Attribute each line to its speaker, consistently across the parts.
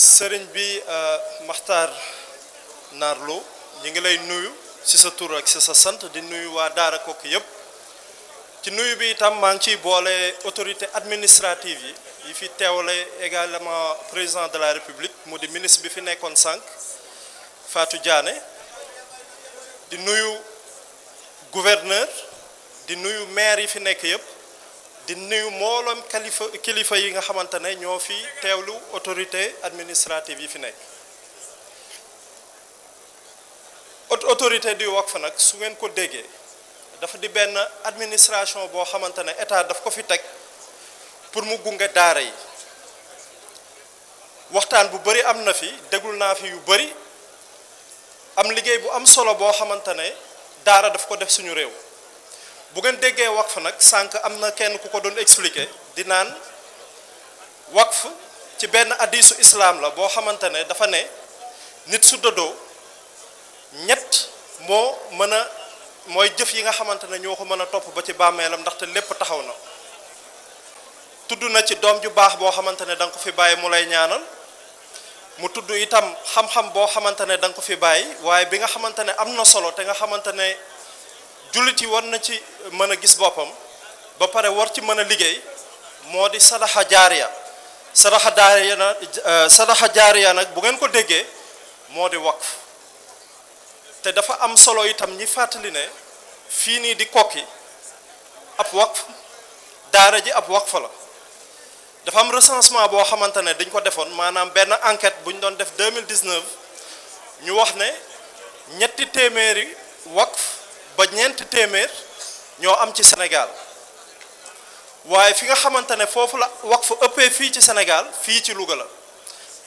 Speaker 1: sëriñ bi euh, maxtar Naarlo ñu ngi lay nuyu ci sa tur ak ci sa sant di nuyu waa daar Koki yëpp ci nuyu bi itam maa ngi ciy boole autorité administrative yi yi fi teewale également président de la république mu di ministre bi fi nekkoon sànq faatu jaane di nuyu gouverneur di nuyu maire yi fi nekk yëpp. di nuyu mbooloom kilifa kilifa yi nga xamante ne ñoo fi teewlu autorité administrative yi fi nekk autorité di du fa nag su ngeen ko déggee dafa di benn administration boo xamante ne état daf ko fi teg pour mu gunge daara yi waxtaan bu bëri am na fi déglu naa fi yu bëri am liggéey bu am solo boo xamante ne daara daf ko def suñu réew bu ngeen déggee waqf nag sànq am na kenn ku ko doon expliquer di naan waqf ci benn addisu islaam la boo xamante ne dafa ne nit su dëddoo ñett moo mën a mooy jëf yi nga xamante ne ñoo ko mën a topp ba ci bàmmeelam ndaxte lépp taxaw na tudd na ci doom ju baax boo xamante ne da ko fi bàyyi mu lay ñaanal mu tudd itam xam-xam boo xamante ne da ko fi bàyyi waaye bi nga xamante ne am na solo te nga xamante ne jullit yi war na ci mën a gis boppam ba pare war ci mën a liggéey moo di sadaxa jaariya sadaxa jaariya na eh, sadaxa jaariya nag bu ngeen ko déggee moo di wax te dafa am solo itam ñi fàttali ne fii nii di kokki ab wakf daara ji ab wax la dafa am recensement boo xamante ne dañ ko defoon maanaam benn enquête bu ñu doon def 2019 ñu wax ne ñetti téeméeri wakf ba ñeenti téeméer ñoo am ci Sénégal waaye fi nga xamante ne foofu la waqf ëppee fii ci Sénégal fii ci Louga la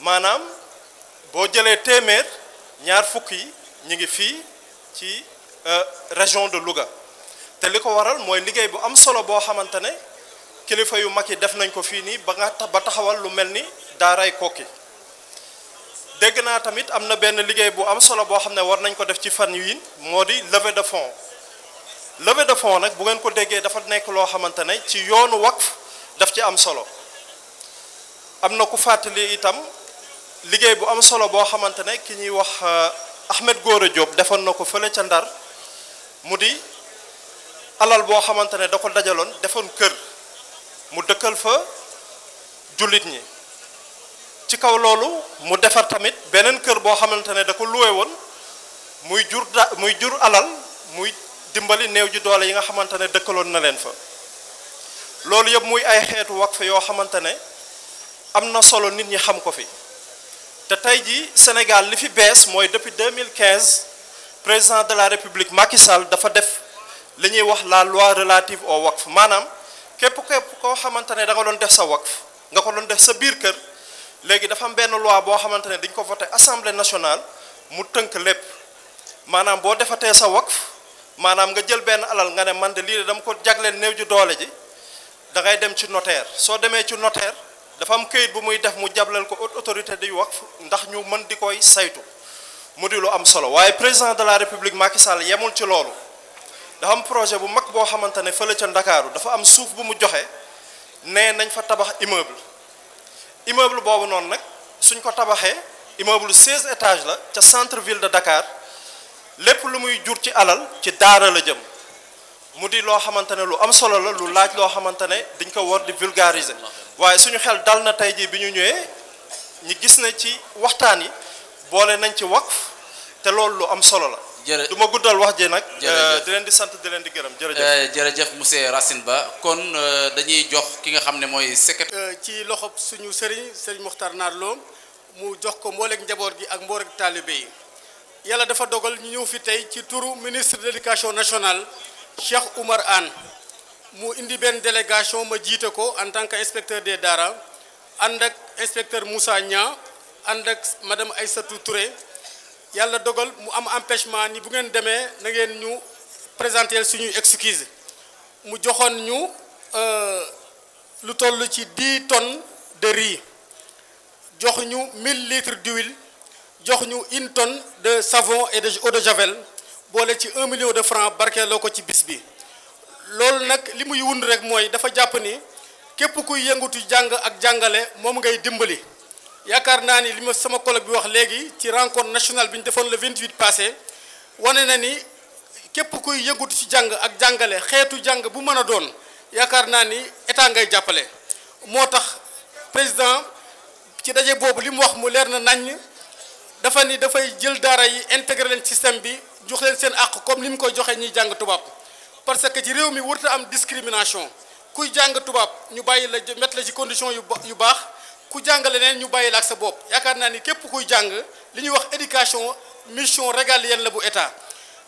Speaker 1: maanaam boo jëlee téeméer ñaar fukk yi ñu ngi fii ci euh, région de Louga te li ko waral mooy liggéey bu am solo boo xamante ne kilifa yu mag yi def nañ ko fii nii ba nga ba taxawal lu mel ni daaray Koki dégg naa tamit am na benn liggéey bu am solo boo xam ne war nañ ko def ci fan yi moo di levée de fonds levée de fonds nag bu ngeen ko déggee dafa nekk loo xamante ne ci yoonu wax daf ci am solo am na ku fàttali itam liggéey bu am solo boo xamante ne ki ñuy wax góor a jóob defoon na ko fële ca Ndar mu di alal boo xamante ne da ko dajaloon defoon kër mu dëkkal fa jullit ñi ci kaw loolu mu defar tamit beneen kër boo xamante ne da ko luwe woon muy jur da muy jur alal muy dimbali néew ji doole yi nga xamante ne dëkkaloon na leen fa loolu yëpp muy ay xeetu waqf yoo xamante ne am na solo nit ñi xam ko fi te tey ji Sénégal li fi bees mooy depuis 2015 président de la république Macky Sall dafa def li ñuy wax la loi relative au waqf maanaam képp képp koo xamante ne da doon def sa waqf nga ko doon def sa biir kër léegi dafa am benn loi boo xamante ne dañ ko voté assemblée nationale mu tënk lépp maanaam boo defatee sa wakf maanaam nga jël benn alal nga ne man de lii de dama ko jagleel néew ji doole ji dangay dem ci notaire soo demee ci notaire dafa am kayit bu muy def mu jableel ko haute autorité di wakf ndax ñu mën di koy saytu mu di lu am solo waaye président de la république Macky Sall yemul ci loolu dafa am projet bu mag boo xamante ne fële ca Ndakaaru dafa am suuf bu mu joxe nee nañ fa tabax immeuble. immeuble boobu noonu nag suñ ko tabaxee immeuble 16 étages la ca centre ville de Dakar lépp lu muy jur ci alal ci daara la jëm mu di loo xamante ne lu am solo la lu laaj loo xamante ne dañ ko war di vulgariser waaye suñu xel dal na tey jii bi ñu ñëwee ñi gis na ci waxtaan yi boole nañ ci wax te loolu lu am solo la.
Speaker 2: jërë du ma guddal wax ji nag. Euh,
Speaker 1: di leen di sant di leen di gërëm jërëjëf. Euh,
Speaker 2: jërëjëf
Speaker 3: monsieur Racine Ba kon euh, dañuy jox ki nga xam ne mooy secrétaire.
Speaker 4: ci loxo suñu sëriñ sëriñ Mokhtar Naar mu jox ko mbooleek njaboot gi ak mbooleeg taalibe yi yàlla dafa dogal ñu ñëw fi tey ci turu ministre de national nationale Cheikh Oumar Anne mu indi benn délégation ma jiite ko en tant que inspecteur des daara ànd ak inspecteur Moussa Niang ànd ak madame Aïssatou Touré. yàlla dogal mu am empêchement ni bu ngeen demee na ngeen ñu présenter suñuy excuse mu joxoon ñu euh, lu toll ci dix tonnes de riz jox ñu mille litres d'huile jox ñu une tonne de savon et de eau de javel boole ci un million de francs barkeeloo ko ci bis bi loolu nag li muy wund rek mooy dafa jàpp ni képp kuy yëngutu jàng ak jàngale moom ngay dimbali yaakaar naa ni li ma sama collègue bi wax léegi ci rencontre nationale bi ñu defoon le 28 passé wane na ni képp kuy yëngatu ci jàng ak jàngale xeetu jàng bu mën a doon yaakaar naa ni état ngay jàppale moo tax président ci daje boobu li mu wax mu leer na naññ dafa ni dafay jël daara yi intégré leen système bi jox leen seen àq comme li mu koy joxee ñuy jàng tubaab parce que ci réew mi warut am discrimination kuy jàng tubaab ñu bàyyi la mettre la ci condition yu baax ku jàngale neen ñu bàyyi la ak sa bopp yaakaar naa ni képp kuy jàng li ñuy wax éducation mission régalienne la bu état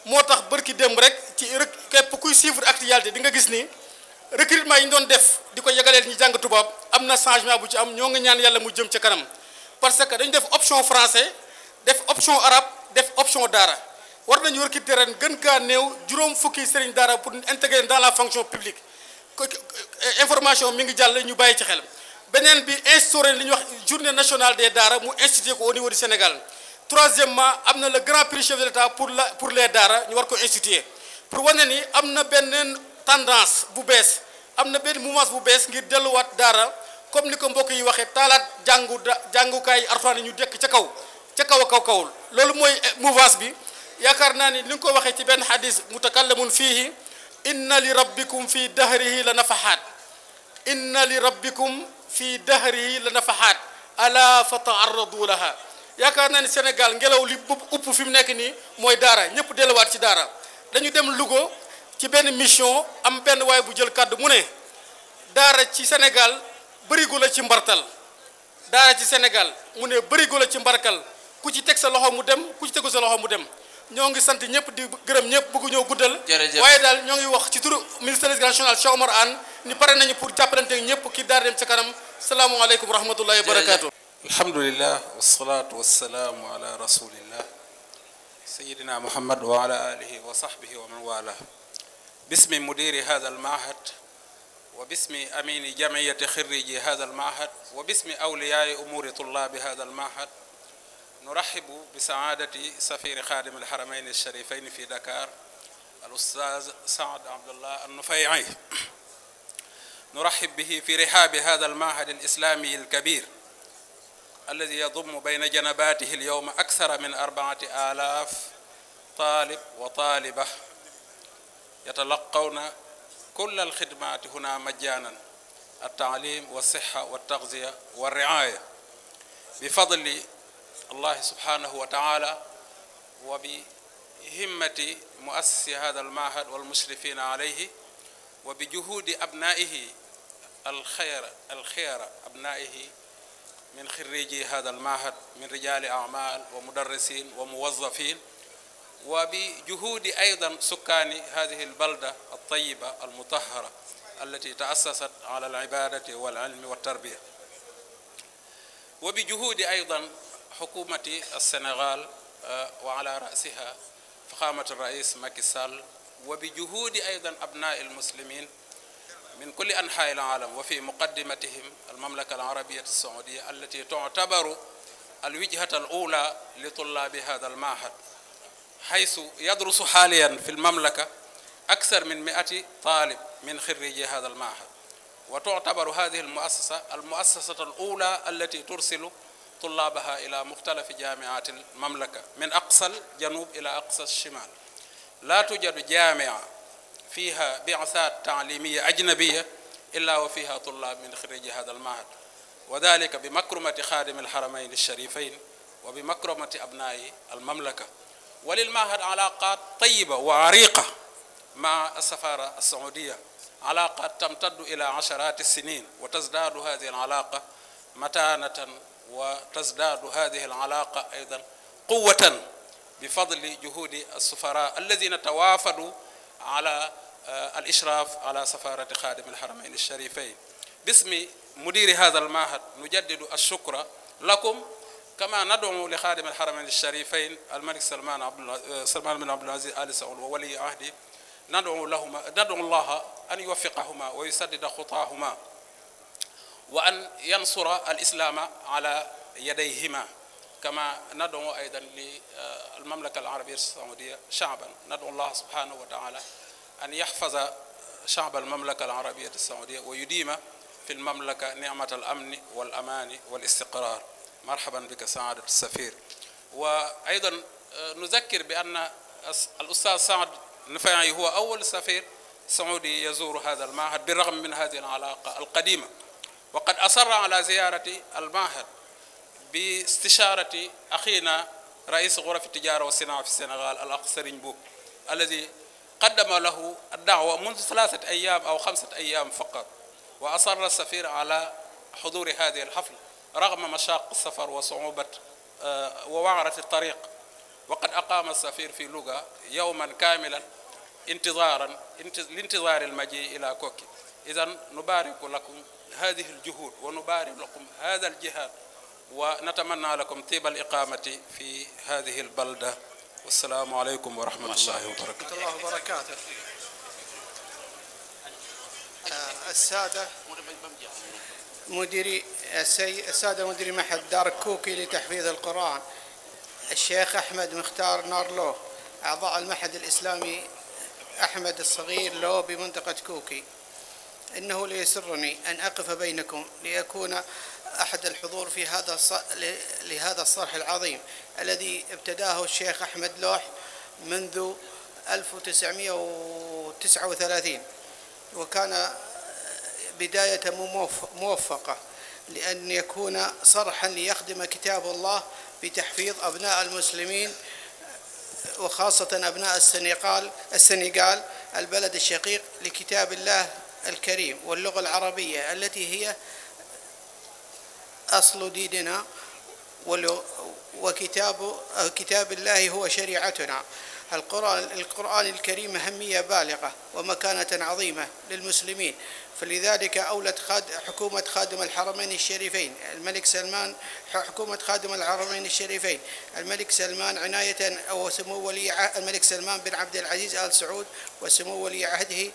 Speaker 4: moo tax bërki démb rek ci rek képp kuy suivre actualité di nga gis ni recrutement yi ñu doon def di ko yegaleel ñu jàng tubaab am na changement bu ci am ñoo ngi ñaan yàlla mu jëm ca kanam parce que dañu def option français def option arab def option daara war nañu recruter ren gën kaa néew juróom fukki sëriñ daara pour intégrer dans la fonction publique information mi ngi jàll ñu bàyyi ci xel. beneen bi instauré li ñuy wax journée nationale des daara mu institué ko au niveau du Sénégal troisièmement am na la grand prix chef de l'État pour la pour les daara ñu war ko institué pour wane ni am na beneen tendance bu bees am na benn mouvance bu bees ngir delluwaat daara comme ni ko mbokk yi waxee taalaat jàngu da jàngukaay Alxuraan yi ñu dekk ca kaw ca kaw a kaw kawul loolu mooy eh, mouvance bi yaakaar naa ni li nga ko waxee ci benn xadis mutakallamun fiihi inna li rabbikum fi dahrihi la nafahaat inna li rabbikum fii dahri la nafahaat ala fa taarradu laha yaakaar naa ne Sénégal ngelaw li bu upp fi mu nekk nii mooy daara ñëpp delluwaat ci daara dañu dem Louga ci benn mission am benn waay bu jël kàddu mu ne daara ci Sénégal bërigu la ci mbartal daara ci Sénégal mu ne bërigu la ci mbarkal ku ci teg sa loxo mu dem ku ci tegu sa loxo mu dem ñoo ngi sant ñëpp di gërëm ñëpp bëggu ñoo guddal. waaye daal ñoo ngi wax ci turu ministre de l'éducation nationale Cheikh mar Anne ni pare nañu pour jàppalante ñëpp kii daara dem ca kanam. salaamualeykum wa rahmatullahi wa barakaatu.
Speaker 3: alhamdulilah wasalaatu wasalaamu ala rasulillah sayidina muhammad wa ala alihi wa sahbihi wa man wala bismi mudiri hada almahad wa bismi amini jamiyati xiriji hada almahad wa bismi awliyaai umuri tullabi hada almahad nurahibu bi saadati safiri xaadim alharamayn alsharifayn fi dakar al ustaz saad abdullah annufayai نرحب به في رحاب هذا المعهد الإسلامي الكبير الذي يضم بين جنباته اليوم أكثر من أربعة آلاف طالب وطالبة يتلقون كل الخدمات هنا مجانا التعليم والصحة والتغذية والرعاية بفضل الله سبحانه وتعالى وبهمة مؤسس هذا المعهد والمشرفين عليه وبجهود أبنائه الخير الخير أبنائه من خريجي هذا المعهد من رجال أعمال ومدرسين وموظفين وبجهود أيضا سكان هذه البلدة الطيبة المطهرة التي تأسست على العبادة والعلم والتربية وبجهود أيضا حكومة السنغال وعلى رأسها فخامة الرئيس ماكي سال وبجهود أيضا أبناء المسلمين من كل أنحاء العالم وفي مقدمتهم المملكة العربية السعودية التي تعتبر الوجهة الأولى لطلاب هذا المعهد حيث يدرس حاليا في المملكة أكثر من 100 طالب من خريجي هذا المعهد وتعتبر هذه المؤسسة المؤسسة الأولى التي ترسل طلابها إلى مختلف جامعات المملكة من أقصى الجنوب إلى أقصى الشمال لا توجد جامعة fiha bi'asat ta'limiyya ajnabiyya illa wa fiha tullab min xiriji hada almahad wa dalika bi makrumati xaadimi alharamayn alsharifayn wa bi makrumati abnaayi almamlaka wa lilmahad alaqat tayiba wa ariqa ma alsafara alsaudiya alaqat tamtaddu ila asharati sinin wa tazdaadu hadihi alalaqa mataanatan wa tazdaadu hadihi alalaqa aydan quwatan bifadli juhudi alsufara alladina tawaafadu ala الإشراف على سفارة خادم الحرمين الشريفين باسم مدير هذا المعهد نجدد الشكر لكم كما ندعو لخادم الحرمين الشريفين الملك سلمان عبد سلمان بن عبد العزيز آل سعود وولي عهده ندعو لهما ندعو الله أن يوفقهما ويسدد خطاهما وأن ينصر الإسلام على يديهما كما ندعو أيضا للمملكة العربية السعودية شعبا ندعو الله سبحانه وتعالى أن يحفظ شعب المملكة العربية السعودية ويديم في المملكة نعمة الأمن والأمان والاستقرار مرحبا بك سعادة السفير وأيضا نذكر بأن الأستاذ سعد نفاعي هو أول سفير سعودي يزور هذا المعهد بالرغم من هذه العلاقة القديمة وقد أصر على زيارة المعهد باستشارة أخينا رئيس غرف التجارة والصناعة في السنغال الأخ سرين بوب الذي qaddama lahu daawa mundu salaasati ayaam aw xamsati ayaam faqat wa asarra safir ala xuduri hadihi alxafla ragma mashaaq safar wa suubat uh, wa waarati tariq waqad aqaama safir fi luga yowman kaamilan intizaaran lintizaari almaji ila kokki idan nubaariku lakum hadihi aljuhud wa nubaariku lakum hada aljihaad wa natamanna lakum tiba aliqamati fi hadihi albalda asalaamaaleykum wa rahmatullahi wa
Speaker 5: barakaatu. السادة
Speaker 3: مديري السي السادة
Speaker 5: مديري معهد دار الكوكي لتحفيظ القرآن الشيخ أحمد مختار نارلو أعضاء المعهد الإسلامي أحمد الصغير لو بمنطقة كوكي إنه ليسرني أن أقف بينكم لأكون أحد الحضور في هذا لهذا الصرح العظيم الذي ابتداه الشيخ أحمد لوح منذ 1939 وكان بداية موفقة لأن يكون صرحا ليخدم كتاب الله بتحفيظ أبناء المسلمين وخاصة أبناء السنغال السنغال البلد الشقيق لكتاب الله الكريم واللغة العربية التي هي أصل ديننا وكتاب كتاب الله هو شريعتنا القرآن, القرآن الكريم أهمية بالغة ومكانة عظيمة للمسلمين فلذلك أولت خاد حكومة خادم الحرمين الشريفين الملك سلمان حكومة خادم الحرمين الشريفين الملك سلمان عناية وسمو ولي الملك سلمان بن عبد العزيز آل سعود وسمو ولي عهده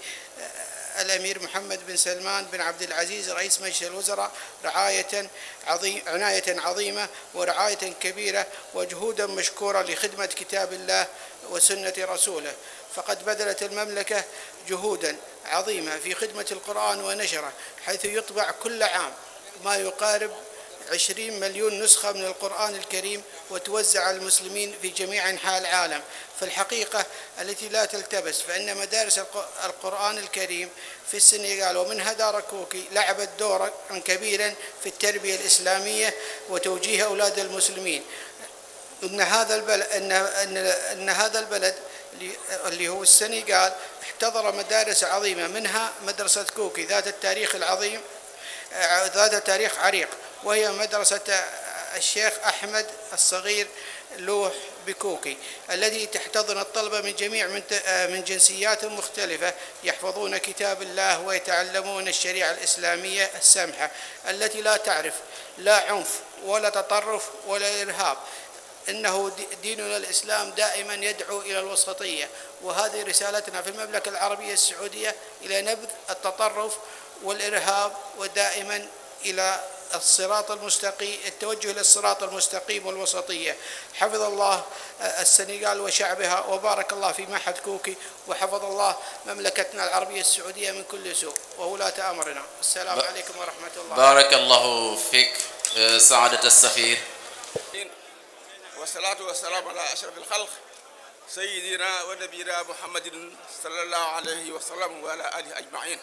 Speaker 5: الأمير محمد بن سلمان بن عبد العزيز رئيس مجلس الوزراء رعاية عظيم عناية عظيمة ورعاية كبيرة وجهودا مشكورة لخدمة كتاب الله وسنة رسوله فقد بذلت المملكة جهودا عظيمة في خدمة القرآن ونشره حيث يطبع كل عام ما يقارب 20 مليون نسخة من القرآن الكريم وتوزع على المسلمين في جميع أنحاء العالم في الحقيقة التي لا تلتبس فإن مدارس القرآن الكريم في السنغال ومنها دار كوكي لعبت دورا كبيرا في التربية الإسلامية وتوجيه أولاد المسلمين ان هذا البلد ان ان, إن هذا البلد اللي هو السنغال احتضر مدارس عظيمه منها مدرسه كوكي ذات التاريخ العظيم ذات تاريخ عريق وهي مدرسة الشيخ أحمد الصغير لوح بكوكي الذي تحتضن الطلبة من جميع من, من جنسيات مختلفة يحفظون كتاب الله ويتعلمون الشريعة الإسلامية السامحة التي لا تعرف لا عنف ولا تطرف ولا إرهاب إنه ديننا الإسلام دائما يدعو إلى الوسطية وهذه رسالتنا في المملكة العربية السعودية إلى نبذ التطرف والإرهاب ودائما إلى الصراط المستقيم التوجه إلى الصراط المستقيم والوسطية حفظ الله السنغال وشعبها وبارك الله في معهد كوكي وحفظ الله مملكتنا العربية السعودية من كل سوء وولاة أمرنا السلام عليكم ورحمة الله بارك
Speaker 3: الله فيك سعادة السفير
Speaker 2: والصلاة والسلام على أشرف الخلق سيدنا ونبينا محمد صلى الله عليه وسلم وعلى آله أجمعين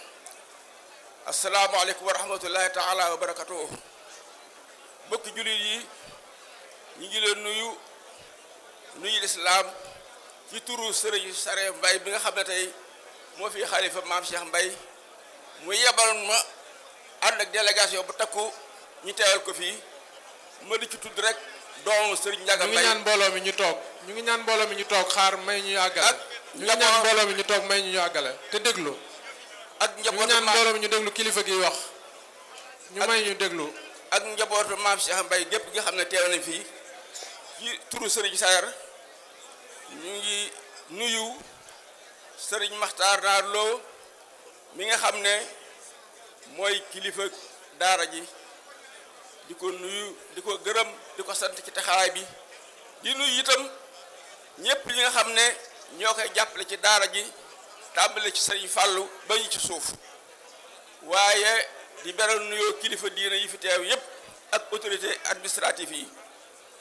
Speaker 2: asalaamaaleykum wa rahmatullahi taala wa barakatuh mbokki jullit yi ñu ngi nuyu nuyu lislaam ci turu sëriñ Sare Mbay bi nga xam ne tey moo fi xalifa maam Cheikh Mbay mu yebal ma ànd ak délégation bu takku ñu teewal ko fii ma di ci tudd rek doomu sëriñ Njaga Mbay ñu mbooloo mi ñu toog ñu ngi ñaan mbooloo mi ñu toog xaar may ñu àggale ñu ngi ñaan mbooloo mi ñu toog may ñu ñu àggale te déglu ak njabootu maam ñu déglu kilifa gi wax. ñu ñu déglu. ak njabootu maam Cheikh gépp nga xam ne teew nañ fii ci turu Serigne Sayar ñu ngi nuyu Serigne Makhtar Naar Lo mi nga xam ne mooy kilifa daara ji di ko nuyu di ko gërëm di ko sant ci taxawaay bi di nuyu itam ñëpp ñi nga xam ne ñoo koy jàppale ci daara ji. tàmbale ci sëriñ fàllu ba ci suuf waaye di beral nuyoo kilifa diina yi fi teew yépp ak autorité administrative yi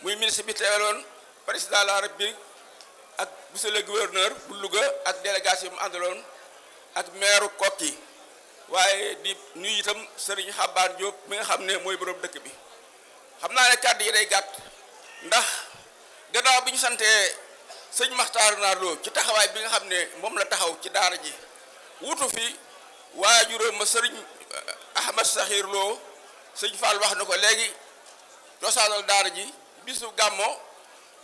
Speaker 2: muy ministre bi teewaloon président de la bi ak monsieur le bu Louga ak délégation mu àndaloon ak maire yi waaye di nuyu itam sëriñ Xabaar Diop mi nga xam ne mooy borom dëkk bi xam naa ne kàddu yi day gàtt ndax gannaaw bi ñu santee sëñ Maxtaar Naar ci taxawaay bi nga xam ne moom la taxaw ci daara ji wutu fi waajuram ma sëriñ eh, Ahmad Saxiir Lo sëñ Fall wax na ko léegi cosaanal daara ji bisu gàmmoo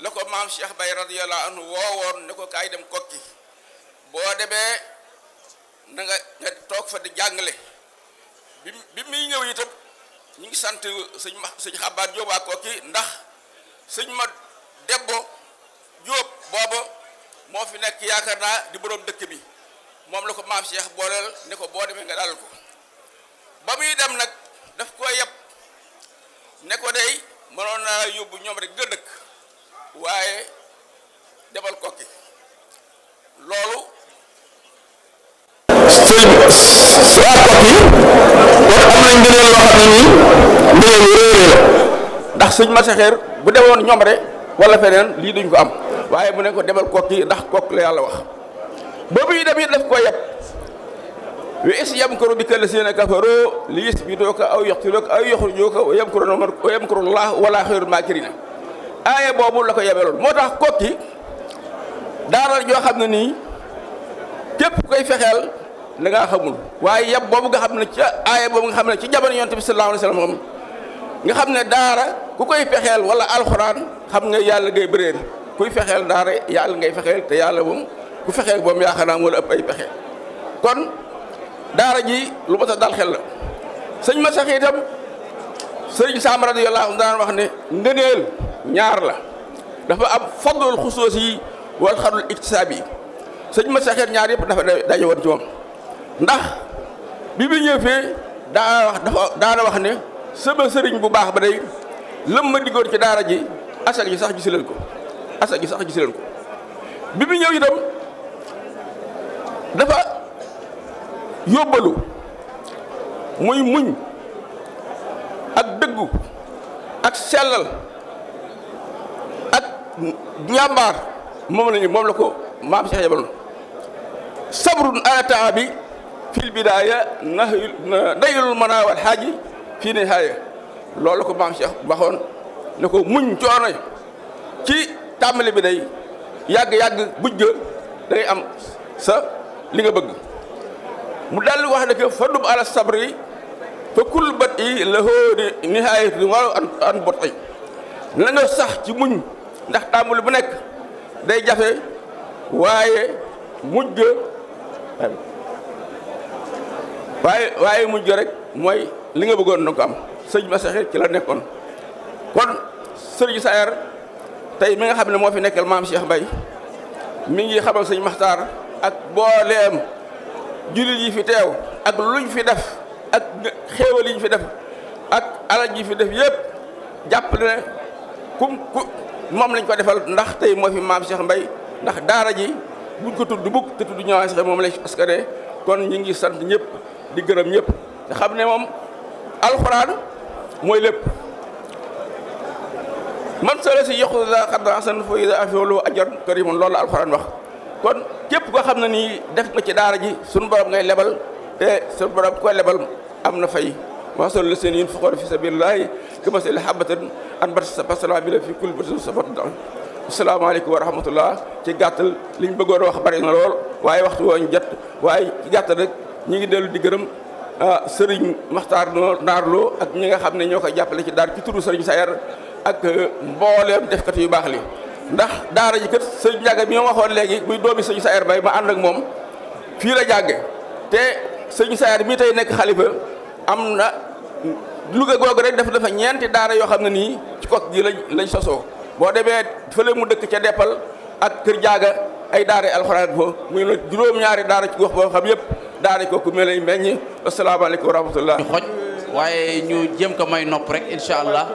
Speaker 2: la ko maam Cheikh Bay am nu woowoon ne ko kaay dem kokki boo demee na nga toog fa di jàngale bi bi muy ñëw itam ñu ngi sant sëñ ma sëñ xabaat jóobaa kokki ndax sëñ ma debbo Diop booba moo fi nekk yaakaar naa di boroom dëkk bi moom la ko maam Cheikh booleel ne ko boo demee nga dalal ko ba muy dem nag daf ko yeb ne ko dey mënoon naa yóbbu ñoom rek nga dëkk waaye
Speaker 6: demal kokki loolu sëñ waa kokki kon am nañ ngëneel ne
Speaker 2: nii ngëneel yu réerée ndax sëñ ma bu demoon ñoom wala feneen lii duñ ko am waaye bu ne ko demal kokk yi ndax kokk la yàlla wax boobu yi dem it daf ko yeb wa is yamkuru bika llaziina kafaru li yusbituuka aw yaqtuluuka aw yuxrijuuka wa yamkuru llaahu wa laahu xayrul maakiriin aaya boobu la ko yebeloon moo tax kokki daara joo xam ne nii képp koy fexeel da ngaa xamul waaye yeb boobu nga xam ne ca aaya boobu nga xam ne ci jamono yonent bi sallallaahu alayhi wa sallam nga xam ne daara ku koy fexeel wala alxuraan xam nga yàlla ngay bëréer kuy fexeel daara yàlla ngay fexeel te yàlla moom ku fexeel boom yaakaar naa wala ëpp ay pexe kon daara ji lu ma sa dal xel la sëñ ma sax itam sëriñ Saam radiyallaahu anhu daan wax ne ngëneel ñaar la dafa am fadlul xusoos yi wal xarul ictisaab yi sëñ ma saxeet ñaar yëpp dafa daje woon ci moom bi bi daa wax ne sama sëriñ bu baax ba day lëm ma diggoon ci daara ji asaka ji sax gis leen ko asaka ji sax gis leen ko bi mu ñëw itam dafa yóbbalu muy muñ ak dëggu ak sellal ak njàmbaar moom lañu moom la ko maam Cheikh yabaloon sabrun ala taabi fil bidaaya nahyu dayul manaa wal xaaji fii nihaaya loolu ko maam Cheikh waxoon ne ko muñ coono ci tàmbali bi day yàgg-yàgg buj ga da am sa li nga bëgg mu daldi wax ne que fadub ala sabri fa kul bat yi la hóori nihaayatu wala an bot yi na nga sax ci muñ ndax tàmbali bu nekk day jafe waaye muj ga waaye waaye mujj rek mooy li nga bëggoon na ko am sëñ ba saxir ci la nekkoon kon sëriñ Saer tey mi nga xam ne moo fi nekkal maam Cheikh mbay mi ngi xamal sëñ Maxtaar ak booleem jullit yi fi teew ak luñ fi def ak xéewal yi ñu fi def ak alal yi fi def yëpp jàpp ne kum ku moom lañ ko defal ndax tey moo fi maam Cheikh mbay ndax daara ji buñ ko tudd bukk te tudd ñëwaat sax moom lañ askane kon ñu ngi sant ñëpp di gërëm ñëpp te xam ne moom alxuraan mooy lépp. man solo si yokku daa xadda xasan fa ida afiolu ajar karimun loolu la alxuraan wax kon képp koo xam na ni def nga ci daara ji suñu borom ngay lebal te suñu borom koy lebal am na fay masol la seen yun fuqoor fi sabilillahi kamasali habatan an bat sa basala bi la fi kul bati safat da asalaamaaleykum wa rahmatullah ci gàttal liñ bëggoon wax bari na lool waaye waxtu woo ñu jot waaye ci gàttal rek ñi ngi dellu di gërëm ah, sëriñ naar Naarloo ak ñi nga xam ne ñoo ko jàppale ci daar ci turu sëriñ Sayar ak euh, mbooleem defkat yu baax li ndax daara ji kat sëñ Ndiaga mi ma waxoon léegi muy doomi sëñ Saer Bay ma ànd ak moom fii la jàgge te sëñ Saer mii tey nekk xalifa am na Louga googu rek def dafa ñeenti daara yoo xam ne nii ci kok gi lañ lañ sosoo boo demee fële mu dëkk ca deppal ak kër jaaga ay daara alxuraan fo muy la juróom-ñaari daara ci gox boo xam yëpp daara kooku mel ni meññ asalaamaaleykum wa rahmatullah waaye ñu jëm ko may nopp rek incha allah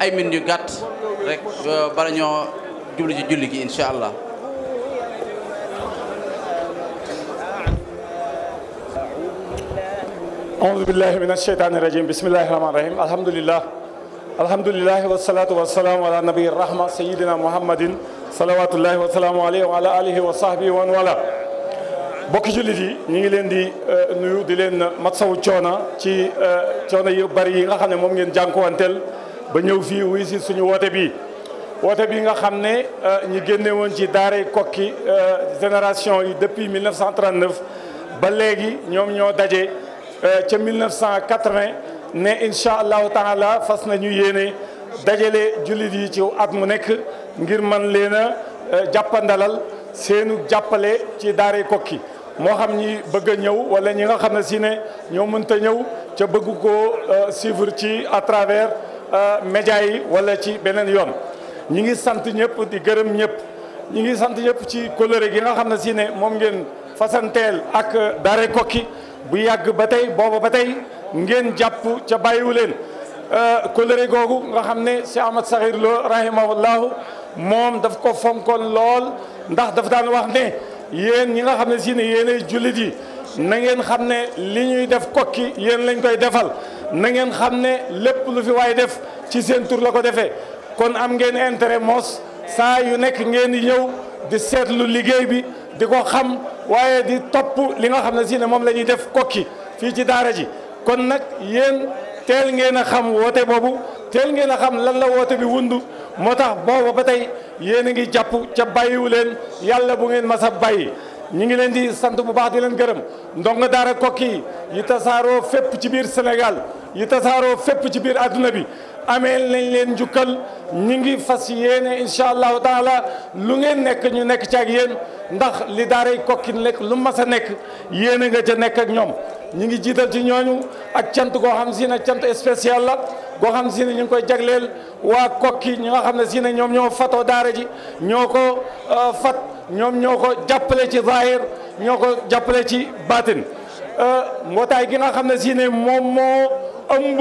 Speaker 2: ay min yu gàtt rek bala ñoo jublu ci julli gi incha allah.
Speaker 6: aoudu billahi min asheytaani ala nabi rahma sayidina muhammadin salawatullahi wasalaamu alayhi wa ala alihi wa sahbihi wa wala bokki jullit yi ñu ngi leen di euh, nuyu di leen matsawu coono ci euh, coono yu bari yi nga xam ne moom ngeen jànkuwanteel ba ñëw fii wuy si suñu woote bi woote bi nga xam ne euh, ñi génne woon ci daaray kokki génération yi depuis 1939 ba léegi ñoom ñoo daje ca 1980 ne incha allahu taala fas nañu yéene dajale jullit yi ci at mu nekk ngir man leen a jàppandalal seenu jàppale ci daaray kokki moo xam ñi bëgg a ñëw wala ñi nga xam ne si ne ñoo mënta ñëw ca bëgg koo euh, suivre ci à travers euh, média yi wala ci beneen yoon ñi ngi sant ñëpp di gërëm ñëpp ñi ngi sant ñëpp ci coloré gi nga xam ne si ne moom ngeen fasanteel ak Daaray Kokki bu yàgg ba tey booba ba tey ngeen jàpp ca bàyyiwu leen coloré euh, googu nga xam ne si Ahmad Sakhir Lo rahimahullahu moom daf ko fonkoon lool ndax daf daan wax ne yéen ñi nga xam ne si ne yéenay jullit yi na ngeen xam ne li ñuy def kokki yéen lañ koy defal na ngeen xam ne lépp lu fi waay def ci seen tur la ko defee kon am ngeen intérêt moos saa yu nekk ngeen di ñëw di seetlu liggéey bi di ko xam waaye di topp li nga xam ne si moom la ñuy def kokki fii ci daara ji kon nag yéen teel ngeen a xam woote boobu teel ngeen a xam lan la woote bi wundu moo tax booba ba tey yéen a ngi jàpp ca bàyyiwu leen yàlla bu ngeen mas a bàyyi ñu ngi leen di sant bu baax di leen gërëm ndongo daara kokki yi tasaaroo fépp ci biir Sénégal yi tasaaroo fépp ci biir àdduna bi amee nañ leen njukkal ñi ngi fas yéene incha allahu taala lu ngeen nekk ñu nekk ci ak yéen ndax li daaray kokki nekk lu mas a nekk yéen a nga ca nekk ak ñoom ñu ngi jiital ci ñooñu ak cant goo xam si ne cant spécial la goo xam si ne ñu ngi koy jagleel waa kokki ñi nga xam ne si ne ñoom ñoo fatoo daara ji ñoo ko euh, fat ñoom ñoo ko jàppale ci zahir ñoo ko jàppale ci baatin euh, mbootaay gi nga xam ne si ne moom moo ëmb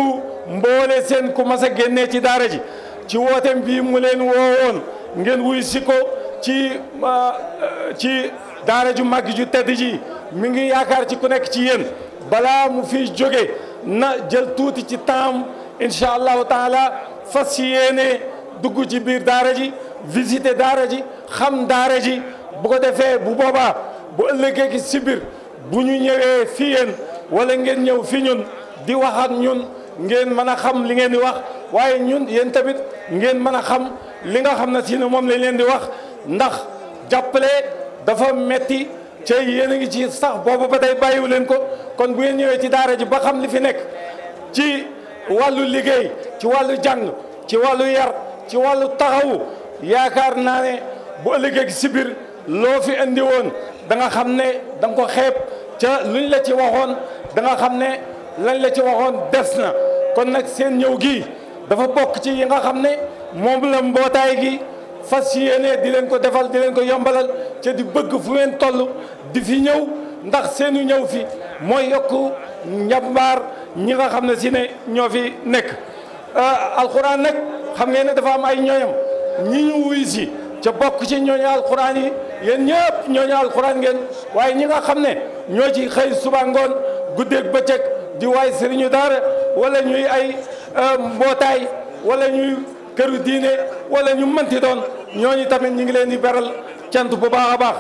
Speaker 6: mboole seen ku mas a ci daara ji ci wooteem bii mu leen woowoon ngeen wuy siko ci euh, ci daara ju màgg ju tedd ji mi ngi yaakaar ci ku nekk ci yéen balaa mu fi jóge na jël tuuti ci temps incha allahu taala fas yéene dugg ci biir daara ji visiter daara ji xam daara ji bu ko defee bu boobaa bu ëllëgee ki si bu ñu ñëwee fii yéen wala ngeen ñëw fi ñun di wax ak ñun ngeen mën a xam li ngeen di wax waaye ñun yéen tamit ngeen mën a xam li nga xam ne si ne moom lañ leen di wax ndax jàppale dafa metti ci yéen a ngi ci sax boobu ba tey bàyyiwu leen ko kon bu ngeen ñëwee ci daara ji ba xam li fi nekk ci wàllu liggéey ci wàllu jàng ci wàllu yar ci wàllu taxawu yaakaar naa ne bu ëllëgee si biir loo fi indi woon da nga xam ne danga ko xeeb ca luñ la ci waxoon danga xam ne lañ la ci waxoon des na kon nag seen ñëw gi dafa bokk ci yi nga xam ne moom la mbootaay gi fas yéene di leen ko defal di leen ko yombalal te di bëgg fu ngeen toll di fi ñëw ndax seenu ñëw fi mooy yokk njàmbaar ñi nga xam ne si ne ñoo fi nekk. Euh, alxuraan nag xam ngeen ne dafa am ay ñooñam ñi ñu wuy si ca bokk ci ñooñu alxuraan yi yéen ñëpp ñooñu alxuraan ngeen waaye ñi nga xam ne ñoo ci xëy suba ngoon guddeeg bëccëg di waay sëriñu daara wala ñuy ay euh, mbootaay wala ñuy. këru diine wala ñu mënti doon ñooñu tamit ñu ngi leen di baral cant bu baax a baax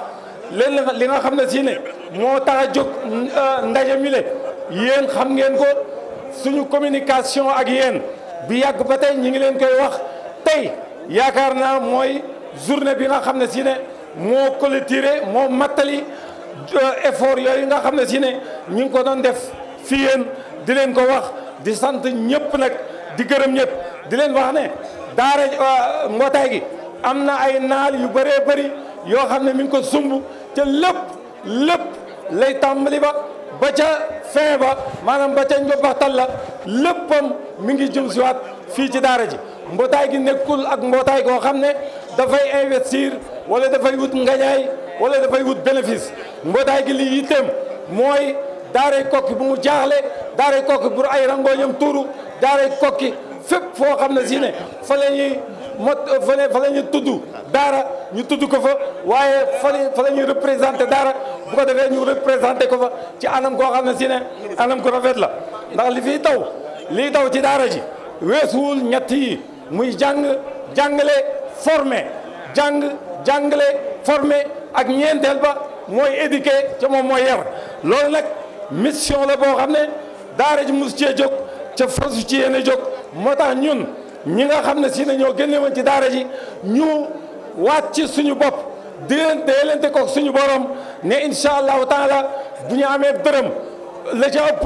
Speaker 6: leen li nga xam ne si ne moo tax a jóg euh, ndaje mi le yéen xam ngeen ko suñu communication ak yéen bi yàgg ba tey ñu ngi leen koy wax tey yaakaar naa mooy journée bi nga xam ne si ne moo clôturé moo mattali euh, effort yooyu nga xam ne si ne ñu ngi ko doon def fii yeen di leen ko wax di sant ñëpp nag di gërëm ñëpp di leen wax ne daara mbootaay gi am na ay naal yu bëree bari yoo xam ne mi ngi ko sumbu ca lëpp lépp lay tàmbali ba ba ca fin ba maanaam ba ca njobbaxtal la léppam mi ngi jëm siwaat fii ci daara ji mbootaay gi nekkul ak mbootaay goo xam ne dafay investir wala dafay wut ngañaay wala dafay wut bénéfice mbootaay gi li yitteem mooy daaray kokki bu mu jaaxle daaray kokki bu ay rangooñam tuuru daaray kokki fépp foo xam na si ne fa la ñuy mot fa la fa la ñuy tudd daara ñu tudd ko fa waaye fa la fa la ñuy représenté daara bu ko defee ñu représenté ko fa ci anam koo xam ne si anam ko rafet la ndax li fiy taw lii taw ci daara ji weesuwul ñett yi muy jàng jàngale formé jàng jàngale formé ak ñeenteel ba mooy éduqué ca moom mooy yar lool nag mission la boo xam ne daara ci mus cee jóg ca fasu ci yéen a moo tax ñun ñi nga xam ne si ne ñoo génne ci daara ji ñu waat ci suñu bopp di leen deelante ko suñu borom ne incha allahu taala bu ñu amee dërëm la ca ëpp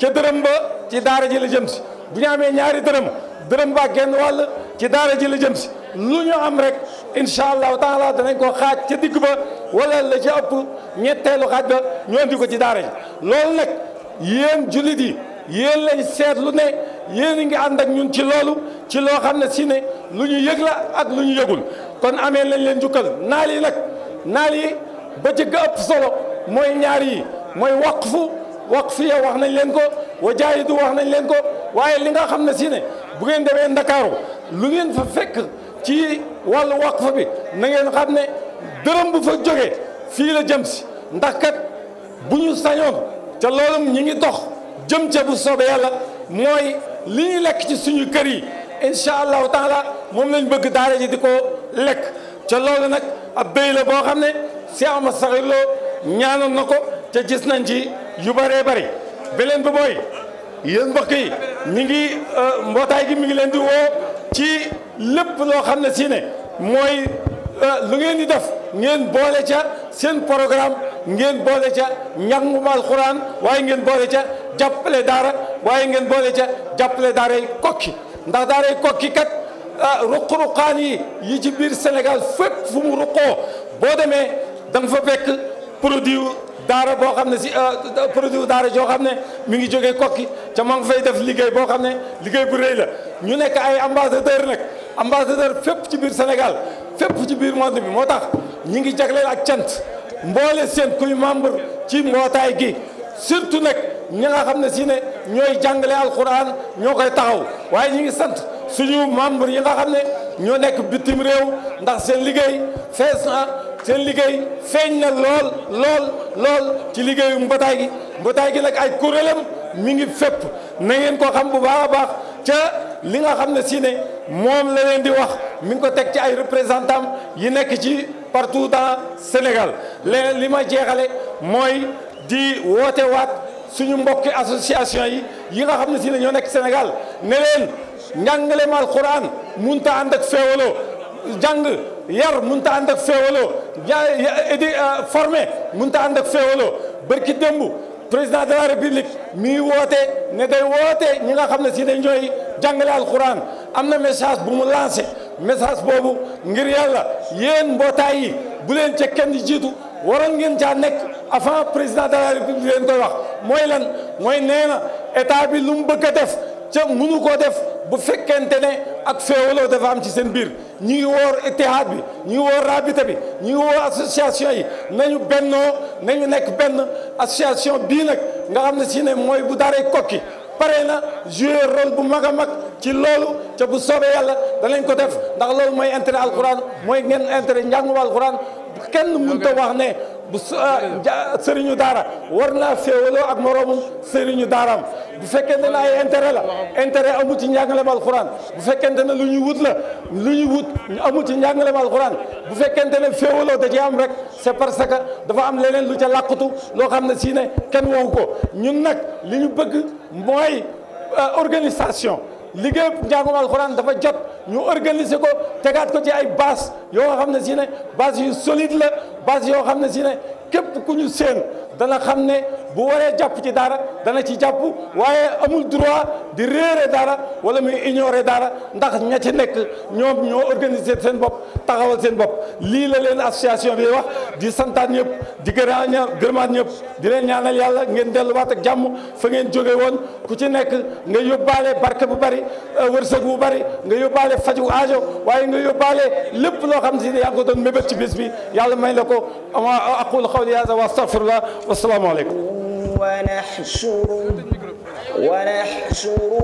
Speaker 6: ca dërëm ba ci daara ji la jëm si bu ñu amee ñaari dërëm dërëm ba genn wàll ci daara ji la jëm si lu ñu am rek incha allahu taala danañ ko xaaj ca digg ba wala la ca ëpp ñetteelu xaaj ba ñu andi ko ci daara ji loolu nag yéen jullit yi yéen lañ seetlu ne yéen a ngi ànd ak ñun ci loolu ci loo xam na si ne lu ñu yëg la ak lu ñu yëgul kon amee lañ leen jukkal naali nag naal yi ba ci ga solo mooy ñaar yi mooy waqfu waqfu ya wax nañ leen ko wa jaayidu wax nañ leen ko waaye li nga xam ne si ne bu ngeen demee ndakaaru lu ngeen fa fekk ci wàllu waqfu bi na ngeen xam ne dërëm bu fa jógee fii la jëm si ndax kat bu ñu sañoon ca loolum ñi ngi tox jëm ca bu soobee yàlla mooy li ñu lekk ci suñu kër yi incha allahu taala moom lañ bëgg daara ji di ko lekk ca loolu nag a béy la boo xam ne si ama saxir loo ñaanoon na ko te gis nañ ci yu bëree bari beleen bi mooy yéen mbokk yi mi ngi euh, mbootaay gi mi ngi leen di ci lépp loo xam ne si ne mooy euh, lu ngeen di def ngeen boole ca seen programme ngeen boole ca njàngum alxuraan waay ngeen boole ca jàppale daara waaye ngeen boole ca jàppale daara yi kokki ndax daara yi kokki kat ah, ruq-ruqaan yi yi ci biir Sénégal fépp fu mu ruqoo boo demee da nga fa fekk produit daara boo xam ne si ah, produit daara joo xam ne mi ngi jógee kokki ca ma ngi fay def liggéey boo xam ne liggéey bu rëy la ñu nekk ay ambassadeur nag ambassadeur fépp ci biir Sénégal fépp ci biir monde bi moo tax ñi ngi jagleel ak cant mboole seen kuy membre ci mbootaay gi surtout nag ña nga xam ne si ne ñooy jàngale alquran ñoo koy taxaw waaye ñu sant suñu membre yi nga xam ne ñoo nekk bitim réew ndax seen liggéey fees na seen liggéey feeñ na lool lool lool ci liggéeyu mbootaay gi mbootaay gi nag ay kuréelam mi ngi fépp na ngeen ko xam bu baax a baax ca li nga xam ne siine ne moom la leen di wax mi ngi ko teg ci ay représentant yi nekk ci partout dans Sénégal léegi li ma jeexale mooy di woote waat suñu mbokki association yi yi nga xam ne si ne ñoo nekk Sénégal ne leen njàngaleem alquran munta ànd ak féewaloo jàng yar munta ànd ak féewaloo di euh, formé munta ànd ak féewaloo bërki démb président de la république mi woote ne day woote ñi nga xam ne si ne ñooy jàngale alquran am na message bu mu lancé message boobu ngir yàlla yéen mbootaay yi bu leen ca kenn jiitu waroon ngeen caa nekk avant président de la république leen koy wax mooy lan mooy nee na état bi lu mu bëgg a def ca munu koo def bu fekkente ne ak féewaloo dafa am ci seen biir ñi ngi woor ittihaad bi ñi ngi woor rabita bi ñi ngi woor association yi nañu bennoo nañu nekk benn association bii nag nga xam na si ne mooy bu daaree kokki pare na joué rôle bu mag a mag ci loolu ca bu soobee yàlla danañ ko def ndax loolu mooy intérêt alquran mooy ngeen intérêt njàngum alquran kenn mënut a wax ne bu sëriñu ah, daara war naa féewaloo ak moroomum sëriñu daaram bu fekkente ne ay intérêt la intérêt amu ci njàngalem alxuraan bu fekkente ne lu ñu wut la lu ñu wut amu ci njàngalem alxuraan bu fekkente ne féewaloo da ci am rek c'est parce que dafa am leneen lu ca làqatu loo xam ne si ne kenn waxu ko ñun nag li ñu bëgg mooy euh, organisation liggéey njàngum alxuraan dafa jot ñu organisé ko tegaat ko ci ay base yoo xam ne si ne base yu solide la base yoo xam ne si ne képp ku ñu seen dana xam ne bu waree jàpp ci dara dana ci jàpp waaye amul droit di réere dara wala mu ignorer dara ndax ña ci nekk ñoom ñoo organiser seen bopp taxawal seen bopp lii la leen association bi wax di santaat ñëpp di gërëm gërëmaat ñëpp di leen ñaanal yàlla ngeen delluwaat ak jàmm fa ngeen jóge woon ku ci nekk nga yóbbaale barke bu bari euh, wërsëg bu bari nga yóbbaale faju aajo waaye nga yóbbaale lépp loo xam si ne yaa ngi doon mébét ci bis bi yàlla may la ko ama aqulu qawli hada wa astaghfirullah wa salaamu aleykum ونحشره
Speaker 1: ونحشره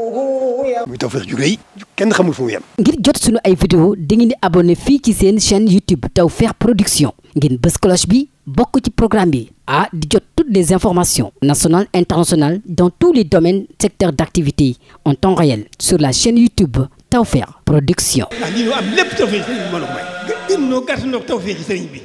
Speaker 1: يوم muy Tawfekh ju rëy kenn xamul fu mu
Speaker 4: ngir jot sunu ay vidéo dangeen di abonne fii ci seen chaîne YouTube Tawfekh Production ngeen bës cloche bi bokk ci programme bi ah di jot toutes des informations national internationales dans tous les domaines secteurs d'activité en temps réel sur la chaine YouTube Tawfekh Production. ah lii